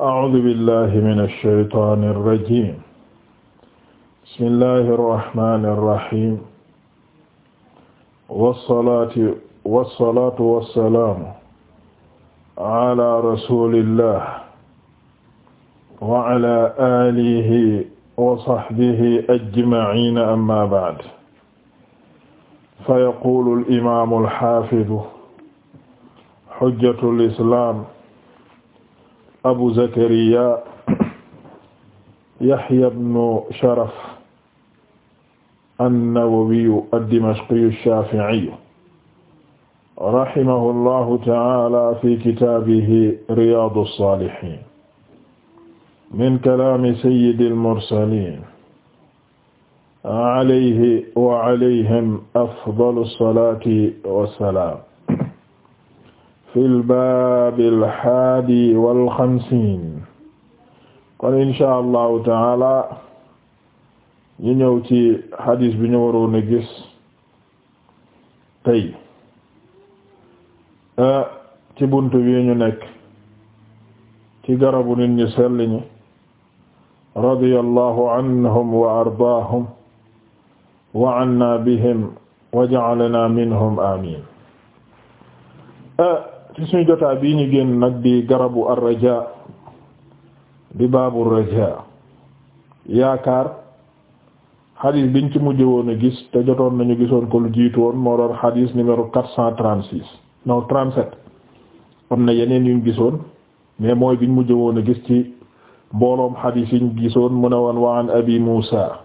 أعوذ بالله من الشيطان الرجيم بسم الله الرحمن الرحيم والصلاة والصلاة والسلام على رسول الله وعلى آله وصحبه أجمعين أما بعد فيقول الإمام الحافظ حجة الإسلام abu zakariya yahya ibnu sharaf an-nawawiyu ad-dimashqiyu ash-shafi'iyu rahimahu llahu ta'ala fi kitaabihi riyaadu saalihiin min kalaami sayyidil mursaliin alayhi wa alayhim afdalu salaati wa salaam fil baabil haadi wal xamsiin kon insha allahu taala ñu ñëw ci hadis bi ñu waroon a gis tey ah, ci buntu bi ñu nekk ci garabu nit ñu sell ñi radiyallahu anhum wa ardaahum wa anna bihim wa ja'alna minhum amiin ah, ci suñu jotaa bii ñu génn nag bi garabu ar-raja baabu raja yaakaar xadis biñ ci mujj woon a gis te jotoon nañu gisoon ko lu jiitu woon moo doon xadis numéro six non trente sept am na yeneen yuñ gisoon mais mooy biñ mujj woon a gis ci mbooloom xadis yiñ gisoon mu ne woon wa an abi muusa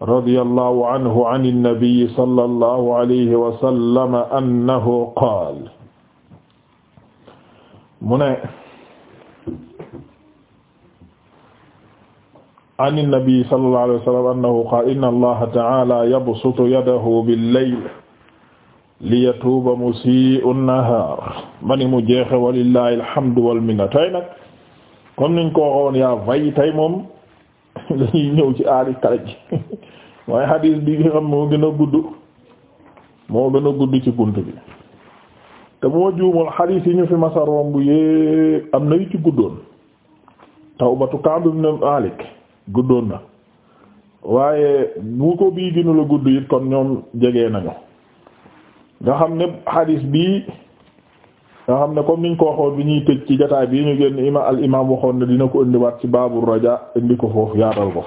radiyallahu anhu an nabi sallallahu alayhi wa annahu qaala mu ne an nabi sallallahu alayhi wa sallam annahu ta'ala yabsutu yadahu bil-layli liyatuuba musii'u an-nahaar mani mu jeexe walillahi alhamdu wal to tey nag comme niñ ko waxoon yaa vay tey moom lañuy ñëw ci aari kalaj mooy hadis bi nga moo gën a gudd moo gën a gudd ci bunt bi te boo juumul xadiis yi ñu fi masa romb yépp am na yu ci guddoon tawbatu Ka'b ibn Malik guddoon na waaye bu ko bii gënu gudd it kon ñoom jege nañu nga xam ne xadiis bii nga xam ne comme niñ ko waxoon bi ñuy tëj ci jotaay bii ñu génn ima al imam waxoon ne dina ko indiwaat ci baabul raja indi ko foofu yaatal ko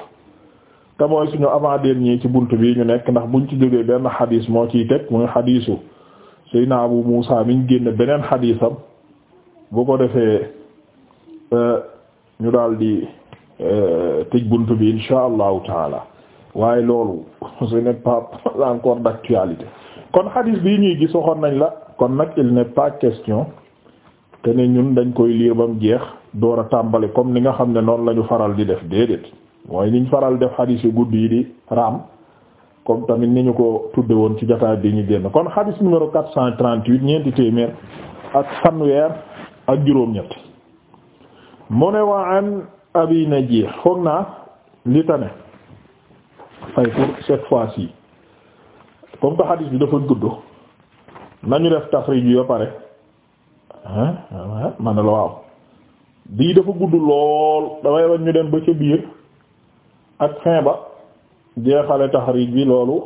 te mooy suñu avant dernier ci bunt bii ñu nekk ndax buñ ci jógee benn xadiis moo ciy teg muy xadiisu naa Abu Muusa miñ génn beneen xadiisam boo ko defee euh, ñu daal di euh, tëj bunt bi insha allahu taala waaye loolu ce n'est pas encore d'actualité kon xadiis bii ñuy gis waxoon nañ la kon nag il n'est pas question te ne ñun dañ koy liir ba mu jeex door a tàmbali comme ni nga xam ne noonu la ñu faral di def déedéet mooy niñ faral def xadiis yu gudd yi di raam comme tamit ni ñu ko tudde woon ci jotaay bi ñu génn kon hadith numéro 438 ñeenti téeméer ak fanweer ak juróom-ñett mu ne waa an abi najih foog naa li tane fay pour cette fois-ci comme que hadith bi dafa gudd nañu def tafrij bi ba pare ah man waaw bii dafa gudd lool damay bañ ñu dem ba biir ak fin ba jeexale taxriij bi loolu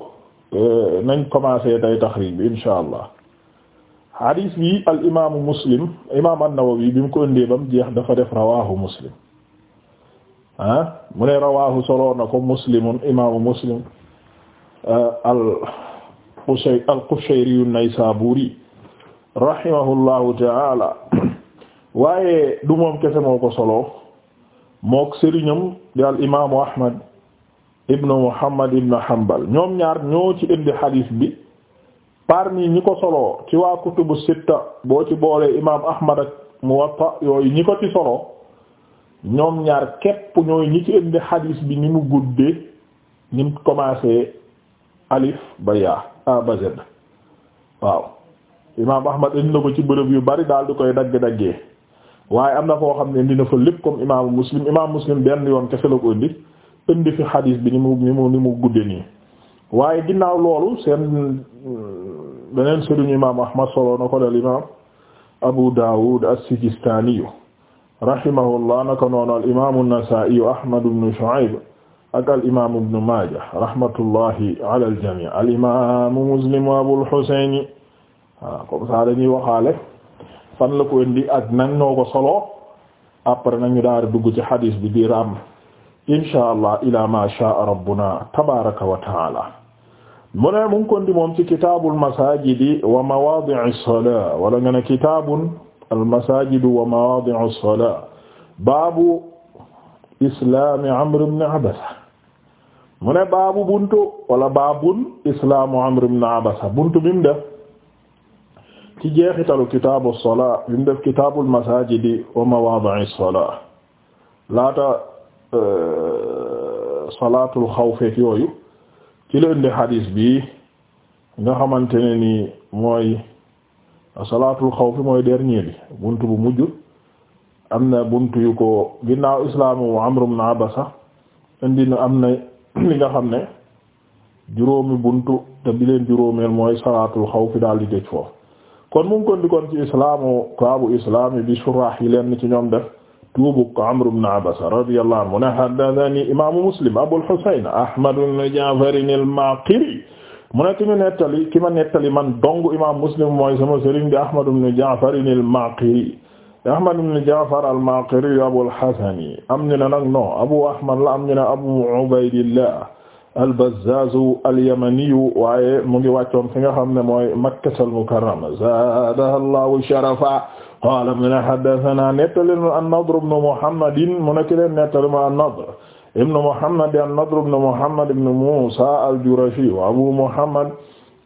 euh, nañ commencé tay taxriij bi insha allah hadis bi al imaamu muslim imaam an-Nawawi bi mu ko indee bam jeex dafa def rawaahu muslim ah mu ne rawaahu solo na ko muslimun imaamu muslim euh, al Qushayri al Qushayri an taala waaye du moom kese moo ko solo mook sëriñam di al imaamu Ahmad. ibnu muhammad ibnu hanbal ñoom ñaar ñoo ci indi xadiis bi parmi ñi ko soloo ci waa kutubu sitta boo ci boolee imaam ahmad ak muwatta yooyu ñi ko ci soloo ñoom ñaar képp ñooy ñi ci indi xadiis bi ni mu guddee ni mu commencé alif ba yaa a ba z waaw imaam ahmad indi na ko ci bërëb yu bari daal di koy dagg daggee waaye am na foo xam ne indi na fa lépp comme imaamu muslim imaamu muslim benn yoon kese la ko indi fi xadiis bi ni mu ni mu gudde nii waaye ginnaaw loolu seen euh, beneen sëriñu imaam ahmad solo na ko dal imaam abu daawud as-sijistaaniyu rahimahullah naka noonu al imaamu ahmad ibn shu'ayb ak al imaamu maaja rahmatullahi ala al muslim abul husayn waaw comme ça dañuy waxaale fan la ko indi ak nan ñoo ko solo après nañu daal dugg ci xadiis bi di ram insha allah ila ma shaa rabbuna tabaraka wa taala mu ne mu ngi kondi moom ci kitaabul wa mawaadi'i salaa wala nga ne kitaabul masajidu wa mawaadi'i salaa baabu islaami amr ibn abasa mu ne baabu wala baabun islaamu amr ibn abasa buntu bi mu def ci jeexitalu salaa bi mu def kitaabul masajidi wa mawaadi'i salaa Euh, salaatul xawfeek yooyu ci la indi xadiis bi nga xamante ne ni mooy salaatul xawf mooy dernier bi bunt bu mujj am na bunt yu ko ginnaaw islaamu Amr ibn Abasa indi na am na li nga xam ne juróomi buntu te bi leen juróomeel mooy salaatul xawfi daal di dëj foofu kon mu ngi kon kon ci islaamu kaabu islaami bi surah yi leen ci ñoom def tuubuk Amr ibn Abasa radiyallahu anhu mu ne haddathani imaamu Muslim Abul Husayn Ahmad ibn Ja'far al-Maqiri mu ne ki ñu nettali ki ma nettali man dong imaam Muslim mooy sama sëriñ bi Ahmad ibn Ja'far al-Maqiri Ahmad ibn Ja'far al-Maqiri Abul Hasan am ñu ne nag non Abu Ahmad la am ñu ne Abu Ubaydillah al-Bazzaz al-Yamani waaye mu ngi wàccoon fi nga xam ne mooy Makkatal Mukarrama zaadahallahu sharafa qaala mu ne haddathana nettali nu an-Nadr ibn Muhammad mu nekk leen nettali ma an-Nadr ibn Muhammad an-Nadr ibn Muhammad ibn Musa al-Jurashi wa Abu Muhammad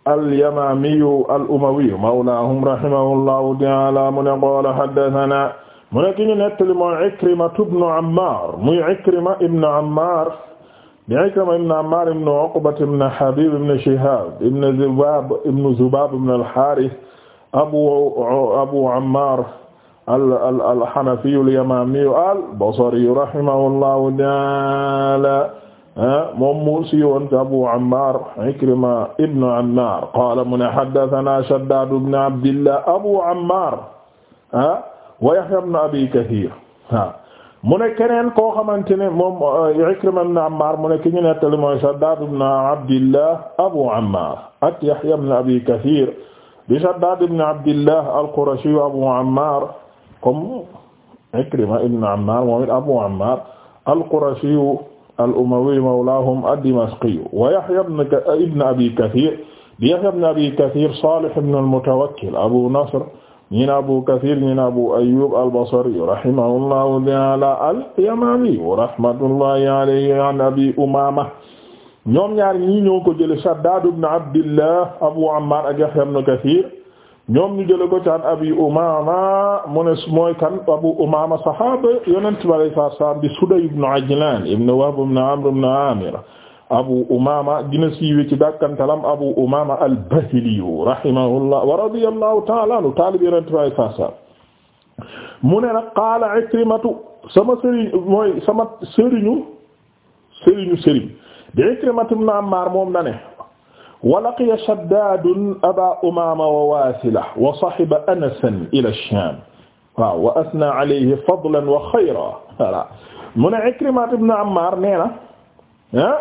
al-Yamami al-Umawi mawlahum rahimahullahu ta'ala mu ne qaala haddathana mu nekk ñu nettali mooy Ikrima ibn Ammar muy Ikrima ibn Ammar di Ikrima ibn Ammar ibn Uqba ibn Habib ibn Shihab ibn Zubab ibn Zubab ibn al-Harith abu abu ammar al alhanafiyu lyamamiyu albasariyu rahimahullahu taala moom mu siiwoon te abu ammar ikrima ibnu ammar qala mu ne haddathana shaddad ibnu abdillah abu ammar wa yahya ibnu abi kathir mu ne keneen koo xamante ne moom uh, ikrima ibnu ammar mu ne ki ñu nettali mooy shaddad ibnu abdillah abu ammar ak yahya ibnu abi kathir bi Shaddaad ibn Abdillah al-Qurashi Abu Ammar comme Ikrima ibn Ammar moom it Abu Ammar al-Qurashi al-Umawi mawlaahum ad-Dimashqi wa Yahya ibn Abi Kathir di Yahya ibn Abi Kathir Salih ibn al-Mutawakkil Abu Nasr ñi na Abu Kathir ñi na Abu Ayyub al-Basri rahimahullahu ta'ala al-Yamami rahmatullahi alayhi an Abi Umama ñoom ñaar ñi ñoo ko jële Shaddad ibn Abdillah Abu Ammar ak Yahya ibn ñoom ñu jële ko ci an Abi mu ne mooy kan Abu Umama sahaba yonent bi alayhi salaam di Suday ibn Ajlan ibn Wahb ibn Amr ibn Amir Abu Umama gina siiwe ci dàkkantalam Abu Umama al-Bahili rahimahullah wa radiyallahu ta'ala taalib yonent bi alayhi salaam mu ne nag qaala Ikrimatu sama sëriñ mooy sama de Ikrimatu ibn Ammaar moom na ne wa laqiya Shaddaadun Abaa Umaama wa Waasila wa sahiba Anasan ila Shaam waaw wa asna alayhi fadlan wa xayran voilà mu ne Ikrimat ibn Ammar nee na ah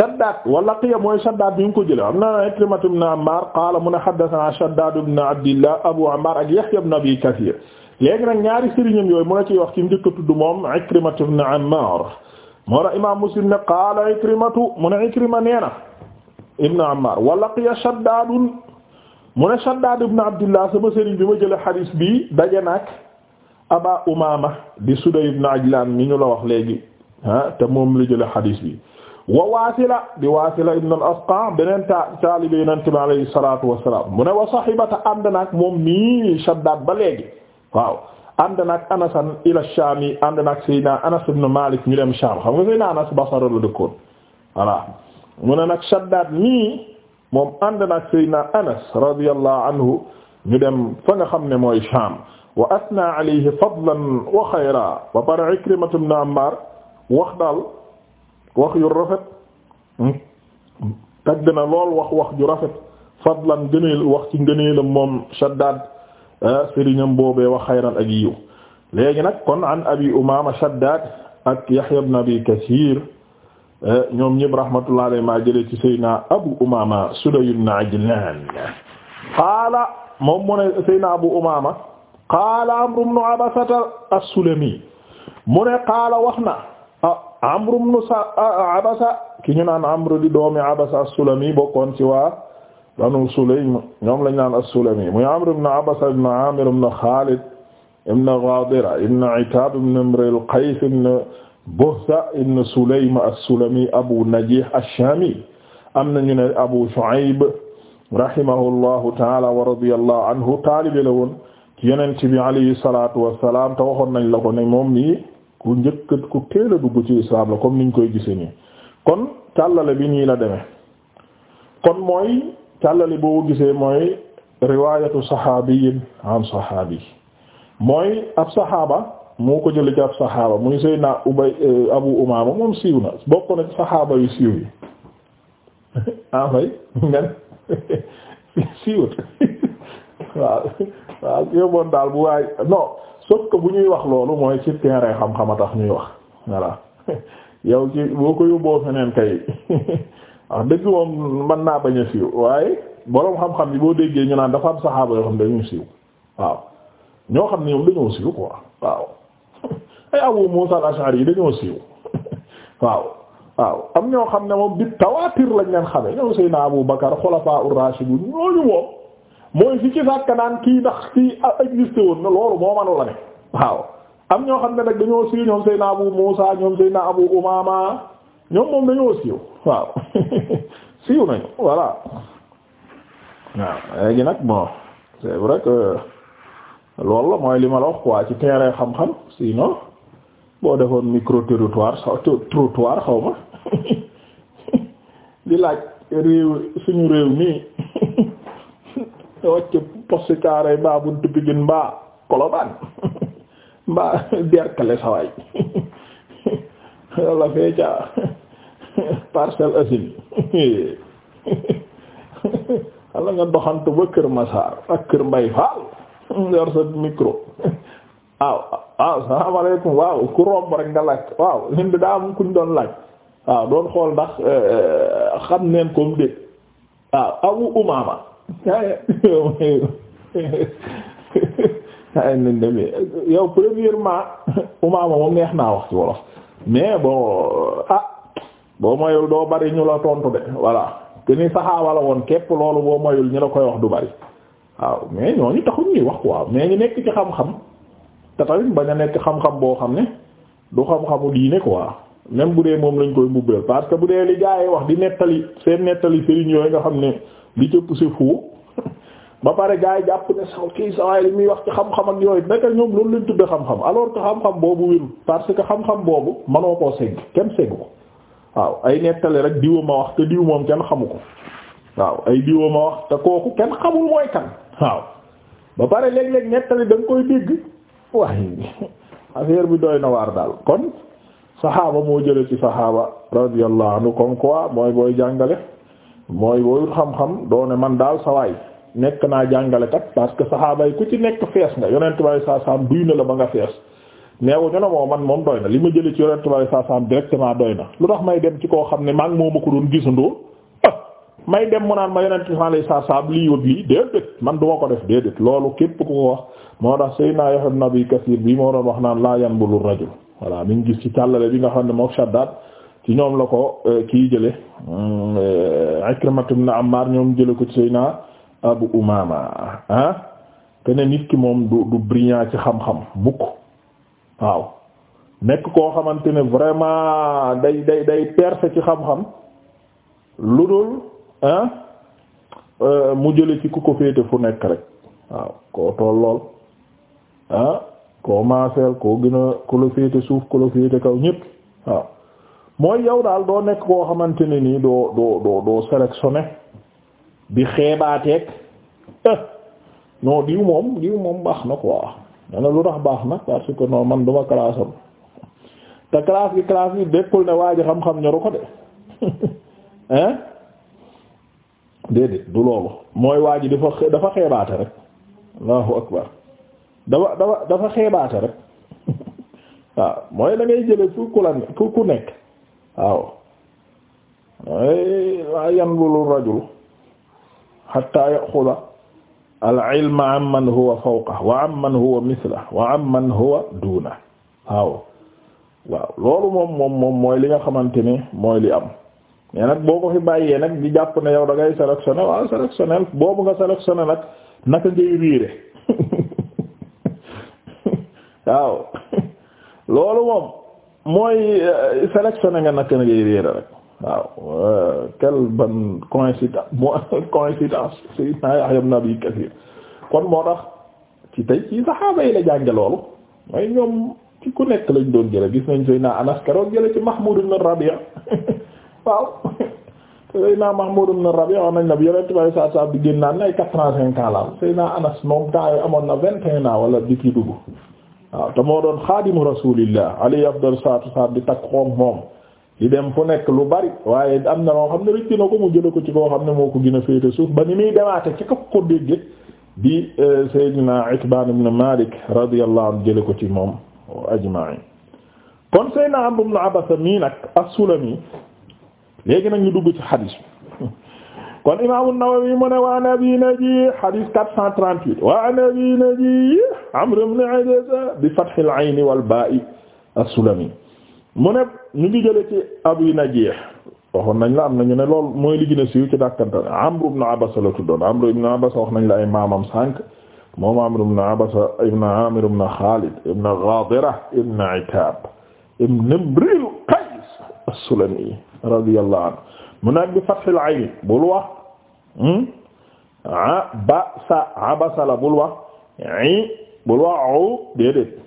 Shaddaad wa laqiya mooy Shaddaad bi nga ko jëlee am na Ikrimat ibn Ammar qaala mu ne haddathanaa Shaddaad ibn Abdillah Abu Ammar ak Yahya ibn Abi Kathir léegi nag ñaari sëriñam yooyu mu ne ciy wax ci njëkk a tudd moom Ikrimat ibn Ammar moo tax imaam Muslim ne qaala Ikrimatu mu ne Ikrima nee na ibn Ammar wa laqiya Shaddaad mu ne Shaddaad ibn bi ma jële xadis bi daje nag Aba Umaama di Suday ibn Ajlaan mi ñu la wax léegi ah te moom la jële xadis bi wa Waasila bi Waasila ibn al-Asqa beneen ta taalibe Yonent bi alayhi salaatu wa salaam mu ne wa sahibata ànd nag moom mii Shaddaad ba léegi waaw ànd nag anasan ila Shaami ànd nag Seydina Anas ibn Malik ñu dem Shaam xam nga Seydina Anas Basra la dëkkoon voilà mu ne nag Shaddaad nii moom ànd nag Seydina Anas radiyallahu anhu ñu dem fa nga xam ne mooy Shaam wa asna alayhi fadlan wa xayra ba pare Ikrimatu ibn Ammaar wax daal wax yu rafet tagg na lool wax wax ju rafet fadlan gëneel wax ci ngëneelam moom Shaddaad Ah sëriñam boobee wax xayran ak yiw léegi nag kon an abi umama shaddad ak yahya ibn abi kasir eh, ñoom ñëpp rahmatullah alayhi ma jëlee ci saydna abu umama suday ibn ajlan qaala moom mu ne abu umama qaala amru ibn abasata as-sulami mu qaala wax na ah, amru ibn ah, abasa ki ñu naan amru di doomi abasa sulami bokkoon ci waa banu Sulaym ñoom lañ naan as-Sulami muy Amr ibn Abasa ibn Amir ibn Khalid ibn Ghadira ibn Itab ibn Imr al-Qays ibn Buhtha ibn Sulaym as-Sulami Abu Najih ash-Shami am nañu ne Abu Shu'ayb rahimahullahu ta'ala wa radiyallahu anhu taalibe la woon ci Yonent bi alayhi salatu wassalam te waxoon nañ la ko ne moom nii ku njëkk ku teel a dugg ci islam la comme niñ koy gise nii kon tàllale bi nii la demee kon mooy càllale boo gisee mooy riwaayatu saxaabiyin an saxaabi mooy ab saxaaba moo ko jël ci ab saxaaba muy Seydina Ubay eh, Abu Umaama moom siiw na bokk na ci yu siiw yi ah fay ngeen siiwut waaw waaw yóbboon daal bu waay non sauf que bu ñuy wax loolu mooy ci terrain xam-xam a tax ñuy wax voilà yow ci boo ko yóbboo feneen kay. wax ah, dëgg moom mën naa bañ a siiw waaye boroom xam-xam yi boo déggee ñu naan dafa am saxaaba yoo xam dañu siiw ñoo xam ne ñoom dañoo siiw quoi waaw yi dañoo siiw waaw am ñoo xam ne moom bi tawaatir lañ leen xamee ñoom Seydina Abu Bakar xulafaa ur-raashidun ñooñu moom mooy fi ci sàkk naan kii ndax kii existé woon loolu moo mënu ne waaw am ñoo xam ne nag dañoo siiw ñoom Seydina Abu Musa ñoom Seydina Abu Umama ñoom moom dañoo siiw waaw siiw nañu voilà waaw léegi nag bon c'est vrai que loolu la mooy li ma la wax quoi ci terrain xam-xam sinon boo defoon micro territoire trottoir xaw ma li laaj réew suñu réew mi wàcc poste carré mbaa buntu Pikine mbaa Colobane mbaa Derklé sawaay walla fee ca Parcelles Assainies xala nga doxantu ba Kër Massar ak Kër Mbay Faal yor sa micro waaw waaw salaamaaleykum waaw ku romb rek nga laaj waaw ñun de daa am kuñ doon laaj waaw doon xool ndax eh, xam neen comme dégg waaw Abu Umaama ay nañ demee yow premièrement Umaama moom neex naa wax wolof mais bon ah, boo moyul doo bari ñu la tontu de voilà te ni saxaaba woon képp loolu boo moyul ñu la koy wax du bari waaw mais ñooñu taxuñ ñuy wax waaw mais ñu nekk ci xam-xam te tamit bañ a nekk xam-xam boo xam ne du xam-xamu diine quoi même bu dee moom lañ koy mbubbeel parce que bu dee li gaa wax di nettali seen nettali sëriñ yooyu nga xam ne li cëpp c'est faux ba pare gaa yi jàpp ne kii sawaay li muy wax ci xam yooyu naka ñoom loolu lañ tudde xam-xam alors boobu wérul parce que xam-xam boobu manoo koo segg kenn segg ko waaw ay nettali rek diwa ma wax te diw moom kenn xamu ko waaw ay diwa wax te kooku kenn xamul mooy kan waaw ba pare léeg-léeg nettali da koy dégg waaye affaire bi doy na waar daal kon saxaaba moo jële ci saxaaba radiyallahu anhu comme quoi mooy booy jàngale mooy booy xam-xam doone man daal sawaay nekk naa jàngalekat parce que saxaaba yi ku ci nekk fees nga yonent bi sallallahu alayhi wasallam duy na la ba nga fees neewuñu ne moo man moom doy na li ma jëlee ci yonent bi saa saam directement doy na lu tax may dem ci koo xam ne maa ngi moom ma ko doon gisandoo ah may dem mu naan ma yonent bi saa saam lii wëg lii déedéet man du ma ko def déedéet loolu képp ku ko wax moo tax Seydina naa ibn Abi Kathir bi moo doon wax naan laa yan bulul rajul voilà mi ngi gis ci càllale bi nga xam ne moom Shaddad ci ñoom la ko euh, kii jële na am Ammar ñoom jële ko ci naa Abu Umama ah nit ki moom du du brillant ci xam-xam waaw nekk koo xamante ne vraiment day day day percé ci xam-xam lu dul euh, mu jële ci ku ko féete fu nekk rek waaw koo tool lool ah koo maaseel koo gën ku la féete suuf ku la féete kaw ñépp waaw mooy yow daal doo nekk koo xamante ne nii doo doo doo doo bi xeebaateeg eh, non diw moom diw moom baax na quoi ne lu tax baax na parce que non man duma classe am te classe bi classe bi dekkul ne waa ji xam-xam ñoru ko de hein déedéet du loolu mooy waa dafa dafa xeebaate rek allahu rek waaw mooy da ngay jële fu ku la fu ku nekk waaw ay laa yanlulu rajul hatta yaxuda al ilma am man huwa fawqa wa am man huwa misla wa am man huwa duuna waaw waaw loolu moom moom moom mooy li nga xamante ne mooy li am mais nag boo ko fi bàyyee nag di jàpp na yow da ngay sélectionner waaw sélectionner boobu nga sélectionner nag naka riire waaw loolu moom mooy euh, sélectionner nga naka riire rek waaw euh, quelle bonne coïncidence moo coïncidence Seydina Yahya ibn Abi Kathir kon moo tax ci tey ci saxaaba yi la jànge loolu mooy ñoom ci ku nekk lañ doon jële gis nañ Seydina Anas keroog jële ci Mahmoud ibn Rabi'a waaw Seydina Mahmoud ibn Rabi'a wax nañ la bi yonent bay saa saa bi génn naa ne quatre-vingt-cinq ans la Anas moom temps amoon na vingt et ans wala di kii dugg waaw te moo doon xaadimu Rasulillah alayhi afdal salaatu wa salaam di takk xoom moom i dem fu nekk lu bari waaye am na loo xam ne rëcc na ko mu jële ko ci koo xam ne moo ko gën a féete suuf ba ni muy demaate ci ka ko dégge di euh, Seydina Itbaan ibn Malik radiyallahu anhu jële ko ci moom ajma'i kon Seydina Amr ibn Abasa mii nag as-Sulami léegi nag ñu dugg ci xadis kon Imaam an-Nawawi mu ne wa an Abi Najiih xadis wa an Abi bi fathil ayni wal baa'i as-Sulami mu ne ñu ngi jële ci Abu Najiih waxoon nañ la am nañu ne lool mooy li gën a siiw ci dàkkantane Amru ibn Abasa la tuddoon Amru ibn Abasa wax nañ la ay maamam sànq moom Amru ibn Abasa ibn Amir ibn Xaalid ibn Gaadira ibn Itaab ibn Imril Qays as-Sulami radiyallahu anhu mu nag bi fathil ayn bul wax hmm? abasa abasa la bul wax i bul wax u déedéet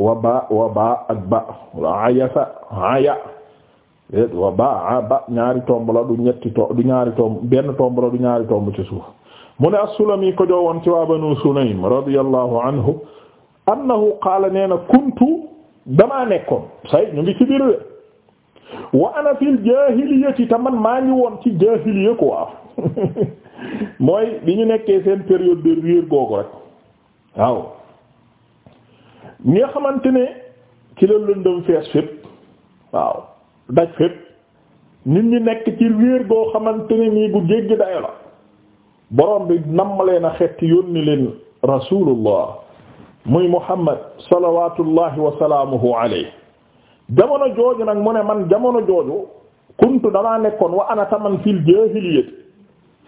wa ba wa ba ak ba ayasa aya wa ba a ba ñaari tomb la du ñetti to du ñaari tomb benn tomb la du ñaari tomb ci suuf mu ne as-Sulami ko joowoon ci waa Banu Sulaym radiyallahu anhu annahu qaala nee na kuntu damaa nekkoon say ñu ngi ci biir de wa ana fil jaahiliyati te man maa ngi woon ci jaahiliya ko waaw mooy bi ñu nekkee seen période de riir googu rek waaw ñi nga xamante ne ci la lëndëm fees fépp waaw daj fépp nit ñi nekk ci wéer goo xamante ne nii bu jéggi dayo la borom bi nam leen a xetti yónni leen rasulullah muy muhammad salawatullahi wa salaamuhu alayhi jamono jooju nag mu ne man jamono jooju kuntu damaa nekkoon wa ana man fil jaahiliyati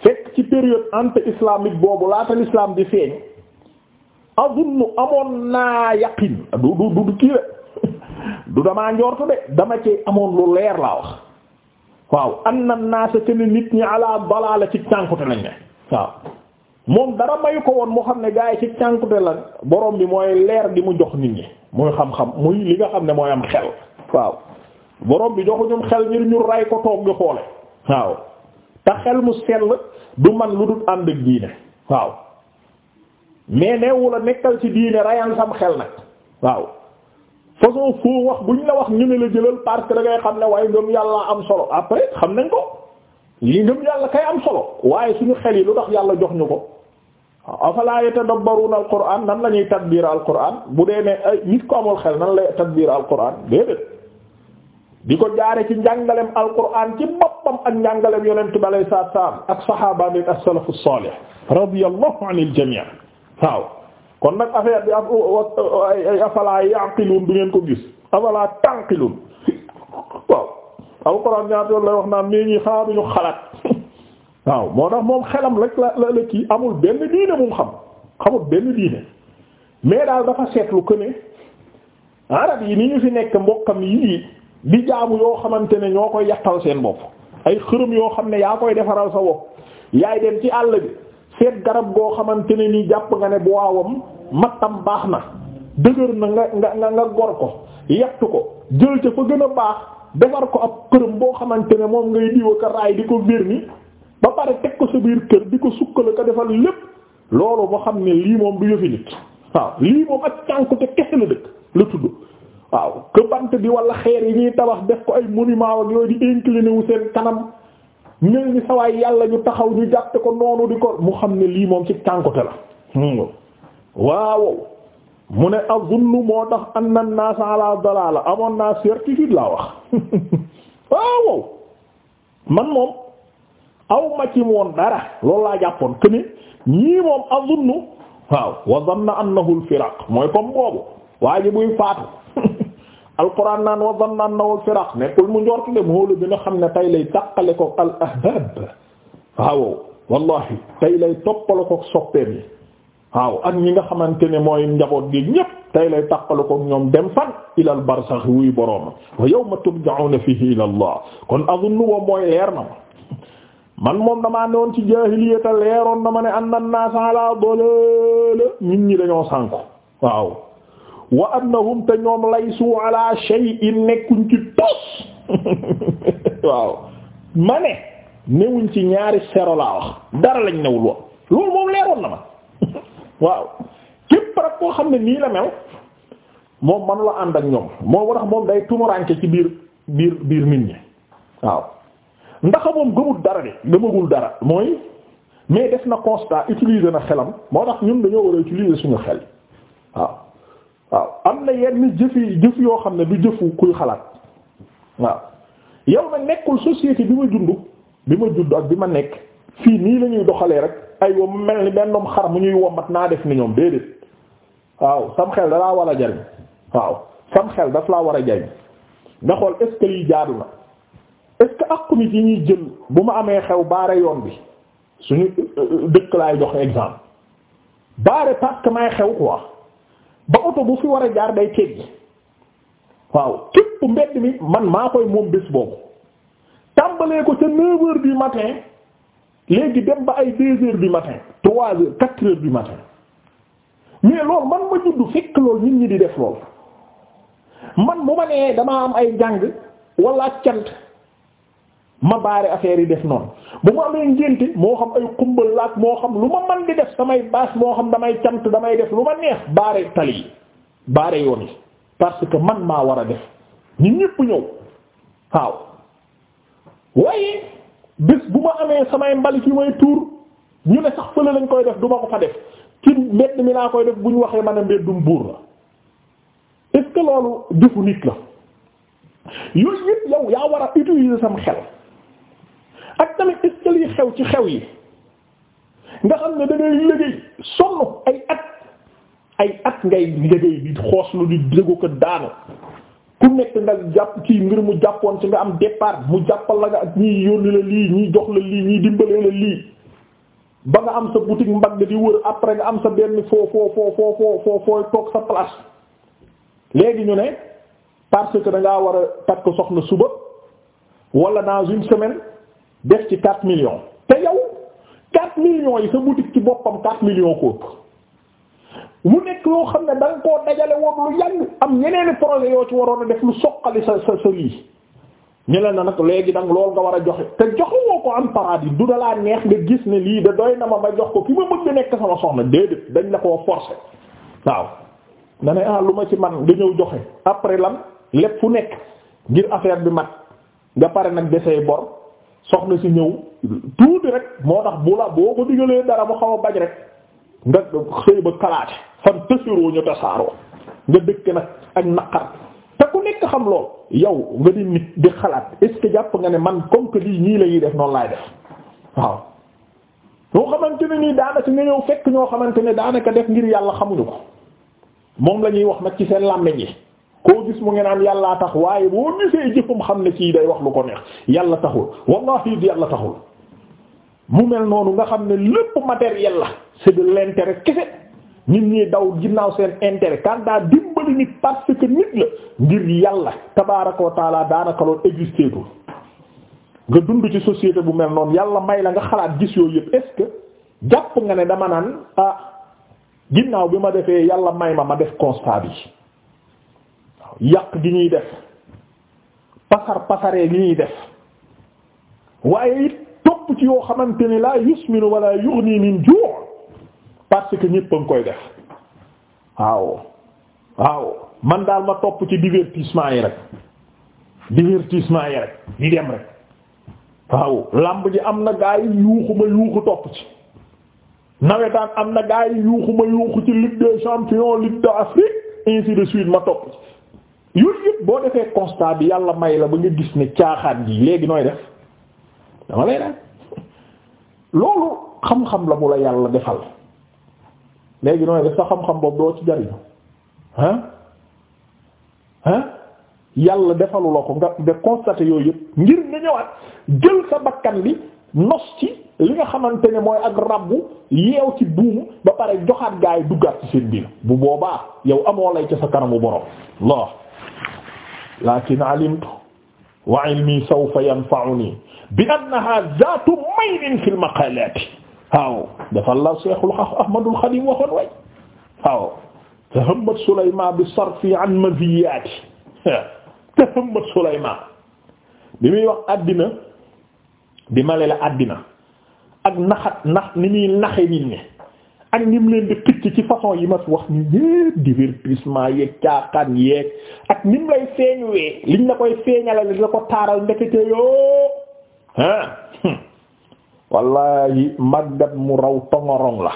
fekk ci période anti islamique boobu laata l'islam di feeñ azunnu amoon naa yaqin du du du kii du damaa njortu de dama ci amoon lu leer laa wax waaw an na naasa te nit ñi ala la ci cànkute lañ ne waaw moom dara mayu ko woon moo xam ne gaa yi ci cànkute la borom bi mooy leer gi mu jox nit ñi muy xam-xam muy li nga xam ne mooy am xel waaw borom bi joxu ñum xel ngir ñu ray ko toog gi xoole waaw te xel mu sell du man lu dul ànd ak diine waaw mais neewu la nekkal ci diine rayal sam xel nag waaw façon foo wax bu ñu la wax ñu ne la jëlal parce que da ngay xam ne waaye ngëm yàlla am solo après xam nañ ko li ngëm yàlla kay am solo waaye suñu xel yi lu tax yàlla jox ñu ko afala yatadabbaruna alquran nan la ñuy tadbir alquran bu dee ne ay nit ko amul xel nan lay tadbir alquran déedéet di ko jaare ci njàngalem alquran ci boppam ak njàngalem yonent bi alayhi salaatu salaam ak sahaaba bi as-salafus salih radiyallahu anil jami' waaw kon nag affaire bi ay afala yaqilun du ngeen ko gis afala tànqilun waaw alxuraan ñaata yoon lay wax naan mais ñi xaaruñu xalaat waaw moo tax moom xelam la la la kii amul benn diine mu xam xamul benn diine mais daal dafa seetlu que arab yi ni ñu fi nekk mbokkam yii di jaamu yoo xamante ne ñoo koy yàqal seen bopp ay xërëm yoo xam ne yaa koy defaral sa bopp yaay dem ci àll bi. seet garab goo xamante ne nii jàpp nga ne bu waawam mattam baax na dëgër na nga nga nga gor ko yettu ko jël ca fa gën a baax defar ko ab këram boo xamante ne moom ngay diwa ka raay di ko verni ba pare teg ko sa biir kër di ko sukkale ko defal lépp loolu moo xam ne lii moom du yëfi nit waaw lii moom ak cànkute kese la dëkk la tudd waaw que bant bi wala xeer yi ñuy tabax def ko ay monument ak yooyu di incliné seen kanam mel sawaay yàlla ñu taxaw ñu jàppe ko noonu di ko mu xam ne lii moom ci tànkote la hmm. waaw mu ne azunnu moo tax an na naas ala amoon naa certitude laa wax waaw man moom aw ma ci woon dara loolu laa jàppoon que ñii moom azunnu waaw wa zanna annahu al mooy comme boobu waa buy faatu alquran naan wa zanna annahu al-firaq nekkul mu njortu dem hóolu bi nga xam ne tey lay tàqale ko al ahbab waaw wallahi tey lay ko soppeem yi waaw ak ñi nga xamante ne mooy njaboot gi ñépp tey lay tàqale ko ñoom dem fan ilal barsax wuy borooma wa yawma turja'una fihi ila allah kon azunnu ba mooy leer man moom damaa ne woon ci jaahiliya te na ma ne anna an-naasa ala dalal nit ñi dañoo sànku waaw wa annahum te ñoom laysu ala shay'in nekkuñ ci tos waaw ma ne newuñ ci ñaari sero laa wax dara lañ newul woon loolu moom leeroon na ma waaw képp rek koo xam ne nii la mel moom man la ànd ak ñoom moo tax moom day tumaranke ci biir biir biir nit ñi waaw ndax moom gëmul dara de gëmagul dara mooy mais def na constat utilise na xelam moo tax ñun dañoo war a utiliser suñu xel waaw waaw am na yenn jëf yi jëf yoo xam ne du jëfu kuy xalaat waaw yow nag nekkul société bi ma dund bi ma judd ak bi ma nekk fii nii la ñuy doxalee rek ay wa mel ni benn doom xar mu ñuy wommat naa def ni ñoom déedéet waaw sam xel da laa war a jariñ waaw sam xel daf laa war a jariñ nga xool est ce que lii jaadu na est akku nit yi ñuy jël bu ma amee xew baare yoon bi suñu dëkk laay joxe exemple baare parce may xew quoi ba oto bu fi war a jaar day teggi waaw képp mbedd mi man maa koy moom bés boobu tàmbalee ko ca neuf heures du matin léegi dem ba ay deux heures du matin trois heures quatre heures du matin mais loolu man ma juddu fekk loolu nit ñi di def lool man bu ma nee damaa am ay njàng wala cant ma baare affaire yi def noonu bu ma amee ngénte moo xam ay xumbal laak moo xam lu ma man di def samay baas moo xam damay cant damay def lu ma neex baare tali yi baare yoon yi parce que man maa war a def ñu ñépp ñëw waaw waaye bés bu ma amee samay mbalit yi may tuur ñu ne sax fële lañ koy def du ma ko fa def ci mbedd mi naa koy def bu ñu waxee man a mbeddum buur la est-ce que loolu jëfu nit la yooyu yëpp yow yaa war a utiliser xel ak tamit est xew ci xew yi nga xam ne da ngay liggéey sonn ay at ay at ngay liggéey di xooslu di déggu ko daanu ku nekk nga jàpp kii ngir mu jàppoon ci nga am départ mu jàppal la nga ak ñii yónni la lii ñii jox la lii ñii dimbalee la lii ba nga am sa boutique mbagg di wër après nga am sa benn foo foo foo foo foo fooy toog sa place léegi ñu ne parce que da ngaa war a takk soxna suba wala dans une semaine. def ci 4 millions te yow 4 millions yi sa boutique ci boppam 4 millions ko mu nekk loo xam ne da koo dajale woon lu yàgg am ñeneeni projet yoo ci waroon a def lu soqali sa sa sa lii ñu ne na nag léegi dang loolu nga war a joxe te joxe woo ko am paradis du dalaa neex nga gis ne lii da doy na ma ma jox ko ki ma bëgg nekk sama soxna déedéet dañ la koo forcer waaw nga ne ah lu ma ci man nga ñëw joxe après lan lépp fu nekk ngir affaire bi mat nga pare nag desey bor soxna si ñëw tuuti rek moo tax bu la boo ko digalee dara mu xaw a bañ rek nga xëy ba kalaate fan tësiroo ñu tasaaroo nga dëkk nag ak naqar te ku nekk xam lool yow nga di nit di xalaat est ce que jàpp nga ne man comme que lii ñii la ñuy def noonu laay def waaw. ñoo xamante ne nii daanaka nga ñëw fekk ñoo xamante ne daanaka def ngir yàlla xamuñu ko moom la ñuy wax nag ci seen làmmiñ yi koo gis mu ngeen am yàllaa tax waaye boo gisee jëfam xam ne kii day wax lu ko neex yàlla taxul wallahi di yàlla taxul mu mel noonu nga xam ne lépp matériel la c'est de l'intérêt kese nit ñi daw ginnaaw seen intérêt quand daa dimbali nit parce que nit la ngir yàlla tabaaraka wa taala daanaka loolu existé tul nga dund ci société bu mel noonu yàlla may la nga xalaat gis yooyu yëpp est-ce que jàpp nga ne dama naan ah ginnaaw bi ma defee yàlla may ma ma def constat bi. yàq gi ñuy def pasar pasaree gi ñuy def waaye it topp ci yoo xamante ni laa yusminu wala yughni min ju' parce que ñépp a ngi koy def waaw waaw man daal ma topp ci divertissement yi rek divertissement yi rek yi dem rek waaw lamb ji am na gaa yi yuuxu ma yuuxu topp ci nawetaan am na gaa yi yuuxu ma yuuxu ci Ligue des champions Ligue d'Afrique ainsi de suite ma topp ci yooyu yëpp boo defee constat bi yàlla may la ba nga gis ne caaxaat bi léegi nooy def dama lay loolu xam-xam la bu la yàlla defal léegi nooy def sa xam-xam boobu doo ci jariñu ah ah yàlla defalu ko nga nga constaté yooyu yëpp ngir nga ñëwaat jël sa bakkan bi nos ci li nga xamante ne mooy ak rabbu yeew ci buum ba pare joxaat gaay duggaat ci seen biir bu boobaa yow amoo lay ca sa kanamu borom lool. lakin alimtu wa ilmi sawfa yanfa'uni bi annaha zaatu maynin fil maqalati waaw dafa la Cheikhul Ahmadul Khadim waxoon way waaw tahammat Sulayma bi sarfi an maziyati tahammat Sulayma bi muy wax àddina di male la àddina ak naxat nax ni muy naxe nit ñi ak ñim leen di xicc ci façon yi ma wax ni yépp divertissement yeeg caaxaan yeeg ak ñim lay feeñuwee liñ la koy feeñalale li la ko taaral ndekete yoo ah wallahi màggat mu raw tongorong la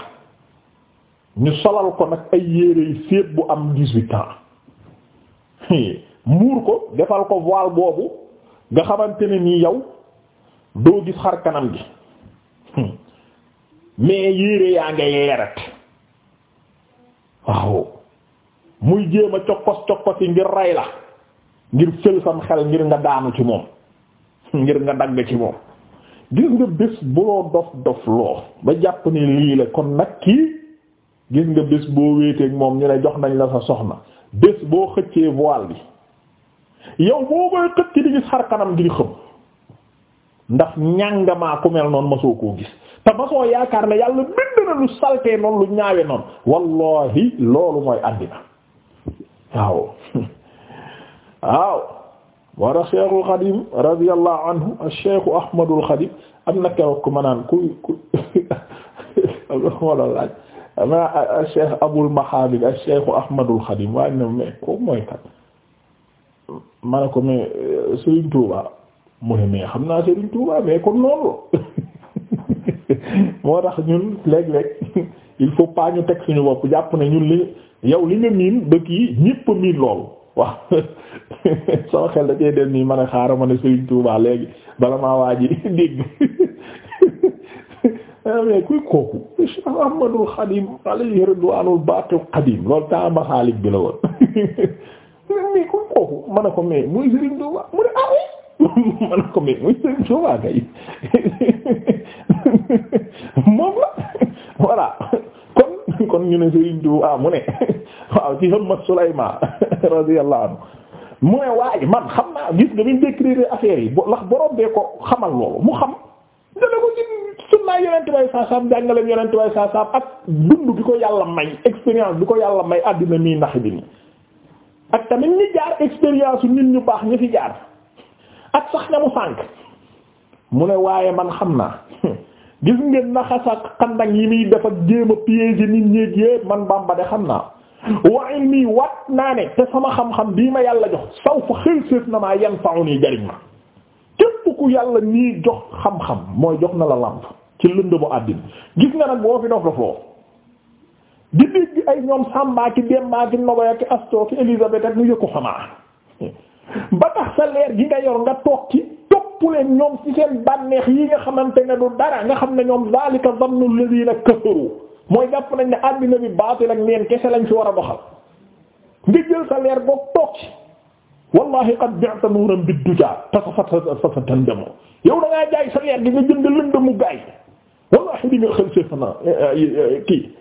ñu solal ko nag ay yére yu séet bu am dix-huit ans ko defal ko voile boobu nga xamante ne nii yow doo gis xar kanam gi mais yére yaa ngi yeerat waaw muy jéem a cokkos cokkos yi ngir rey la ngir fël sam xel ngir nga daanu ci moom ngir nga dagg ci moom gis nga bés buloo dof dof loo ba jàpp ni lii la kon nag kii gis nga bés boo wéeteeg moom ñu ne jox nañ la sa soxna bés boo xëccee voile bi yow boo koy xëcc di gis xar kanam gi di xëm ndax ñàngamaa ku mel noonu ma soo koo gis te masoo yaakaar ne yàlla bind na lu saltee noonu lu ñaawe noonu wallahi loolu mooy àddina waaw waaw moo tax Cheikhul Xadim radiyallahu anhu Cheikh Ahmadul Xadim na keroog ku ma naan ku ku waaye ne mais kooku mooy kat ma ne ko mais Serigne Touba mu ne mais xam naa Serigne Touba mais kon noonu moo tax ñun léeg-léeg il faut pas ñu teg suñu bopp jàpp na ñun li yow li nga miin dëkk yi ñëpp miin loolu waaw sama xel da dem nii man a xaaral ma ne Serigne Touba léegi bala maa waa ji dégg ah, mais kuy kooku Cheikh Ahmadul man a ko mais muy Serigne Touba mu ne ah man a ko mais muy Serigne Touba kay moom la voilà kon kon ñu ne Serigne Touba ah, mu ne waaw ci Himmat Sulaymaan radiyallahu anhu mu ne waaye man xam naa gis nga bi mu affaire yi ndax borom bee ko xamal loolu mu xam dana ko ci sunnaa yonent bay saasaam jàngaleem yonent bay saasaam ak dund bi ko yàlla may expérience bi ko yàlla may àddina mii ndax bi nii ak tamit ñi jaar expérience nit ñu baax ñi fi jaar ak sax ña mu sànk mu ne waaye man xam naa gis ngeen naxas ak xandaŋ yi muy dafa jéem man Bamba xam naa wa ilmi wat ma yàlla jox saw fa xëy séef na ku yàlla nii jox xam mooy jox na la làmp ci nga nag boo fi dof dof loo di dégg ay ñoom Samba ki Demba ki Nogoya ki Astor ki Elisabeth ak nu yëkku xamaa ba tax sa leer gi nga yor nga toog topp leen ñoom ci seen bànneex yi nga xamante ne du dara nga xam ne ñoom zalika zannu alladhina kafaru mooy jàpp nañ ne àddina bi baatil ak neen kese lañ fi war a doxal nga jël sa leer boog toog ci wallahi qad bi'ta nuuran bid-dujaa fasatan damu yow da ngaa jaay sa leer gi nga jënd lëndëmu gaay wallahi di nga xël sa fana eh, eh, kii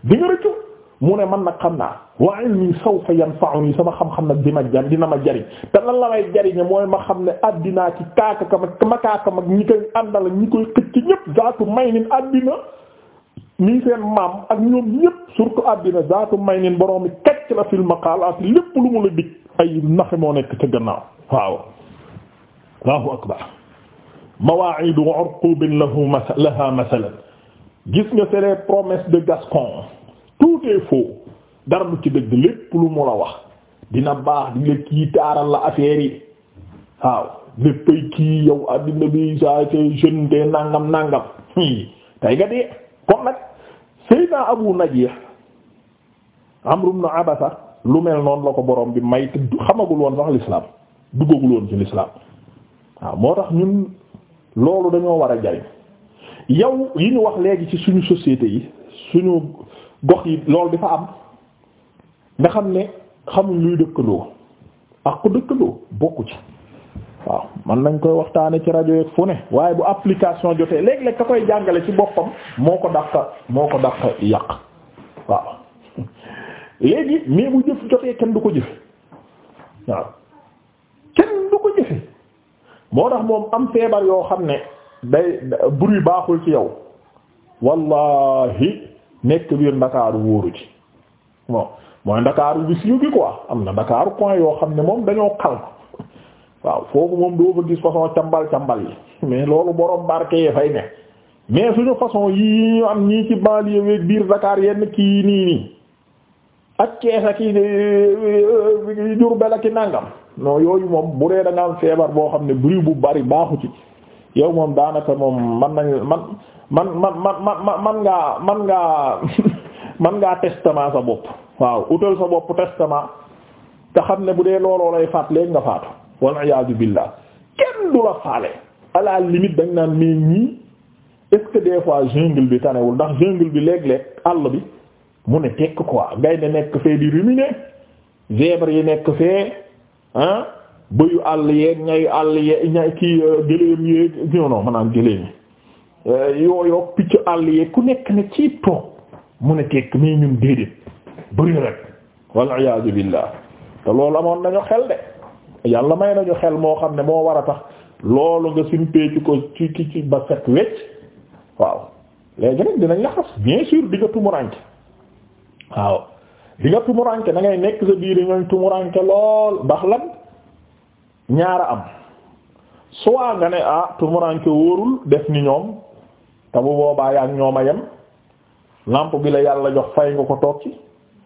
di nga rëccu mu ne man nag xam naa wa ilmi sawfa yanfa'uni sama xam-xam nag di ma jar dina ma jariñ te lan la may jariñe mooy ma xam ne addinaa ci kaakaka mag makaaka mag ñi koy àndal ñi koy xëcc ñëpp zaatu may nin addina nii seen maam ak ñoom ñëpp surtout addina zaatu may nin boroomi kacc la fil maqaal ak lépp lu mu ay naxe moo nekk ca gannaaw waaw allahu akbar mawaa'idu urqubin lahu laha masalan gis nga c'est les de Gascon tout est dara du ci dëgg lépp lu mu la wax dina baax di la kii taaral la affaire yi waaw léppay kii yow àddina bi saa see jeune te nangam nangam tey nga dee kon nag Seydina Abu Najih Amr ibn Abasa lu mel noonu la ko borom bi may te xamagul woon sax l'islam duggagul woon ci l'islam waaw moo tax ñun loolu dañoo war a jariñ yow yi ñu wax léegi ci suñu société yi suñu gox yi loolu dafa am nga xam ne xamuñ luy dëkkandoo ak ko dëkkandoo bokku ci waaw man nañ koy waxtaane ci rajo yeeg fu ne waaye bu application jotee léeg-léeg ka koy jàngale ci boppam moo ko dàq moo ko dàq yàq waaw léegi mais bu jëf jotee kenn du ko jëfe waaw kenn du ko jëfe moo tax moom am feebar yoo xam ne day bruit baaxul ci yow wallahi nekk biir ndakaaru wóoru ci bon mooy ndakaaru bi siiw bi quoi am na ndakaaru coin yoo xam ne moom dañoo xal waaw foofu moom doo fa gis façon cambal cambal yi mais loolu borom barke yee fay ne mais suñu façon yii ñu am ñii ci banlieue weeg biir Dakar yenn kii nii nii ak Cees ak Jurbel ak nangam non yooyu moom bu dee da nga am feebar boo xam ne bruit bu bari baaxu ci yow moom daanaka moom man nañ man man man man man ngaa man ngaa man ngaa testament sa bopp waaw utal sa bopp testament te xam ne bu dee looloo lay faat léegi nga faatu wal iyaadu billah kenn du la faale à la dañ naan mais ñii est fois jungle bi tanewul ndax jungle bi léeg-léeg àll bi mu ne tekk quoi ngay ne nekk fee di ruminer zèbre yi nekk fee bëyu àll yee ñayu àll yeeg ñay kii euh, gëléem yeeg ñoono maanaam gëléem yi euh, yooyu picc àll yee ku nekk ne ci toog mu ne tekk mais ñun déedéet bëri rek wal iyaadu billah te loolu amoon nañu xel de yàlla may nañu xel moo xam ne moo war a tax loolu nga simpeecu ko ci ci ci ba set wecc waaw léegi nag dinañ la xas bien sûr di tumuranke waaw di nga tumuranke da ngay nekk sa biir ñooñ tumuranke lool ndax lan ñaara am soit nga ne ah tumuranke wóorul def ni ñoom te bu boobaa ak ñoom a yem lampe bi la yàlla jox fay nga ko toog ci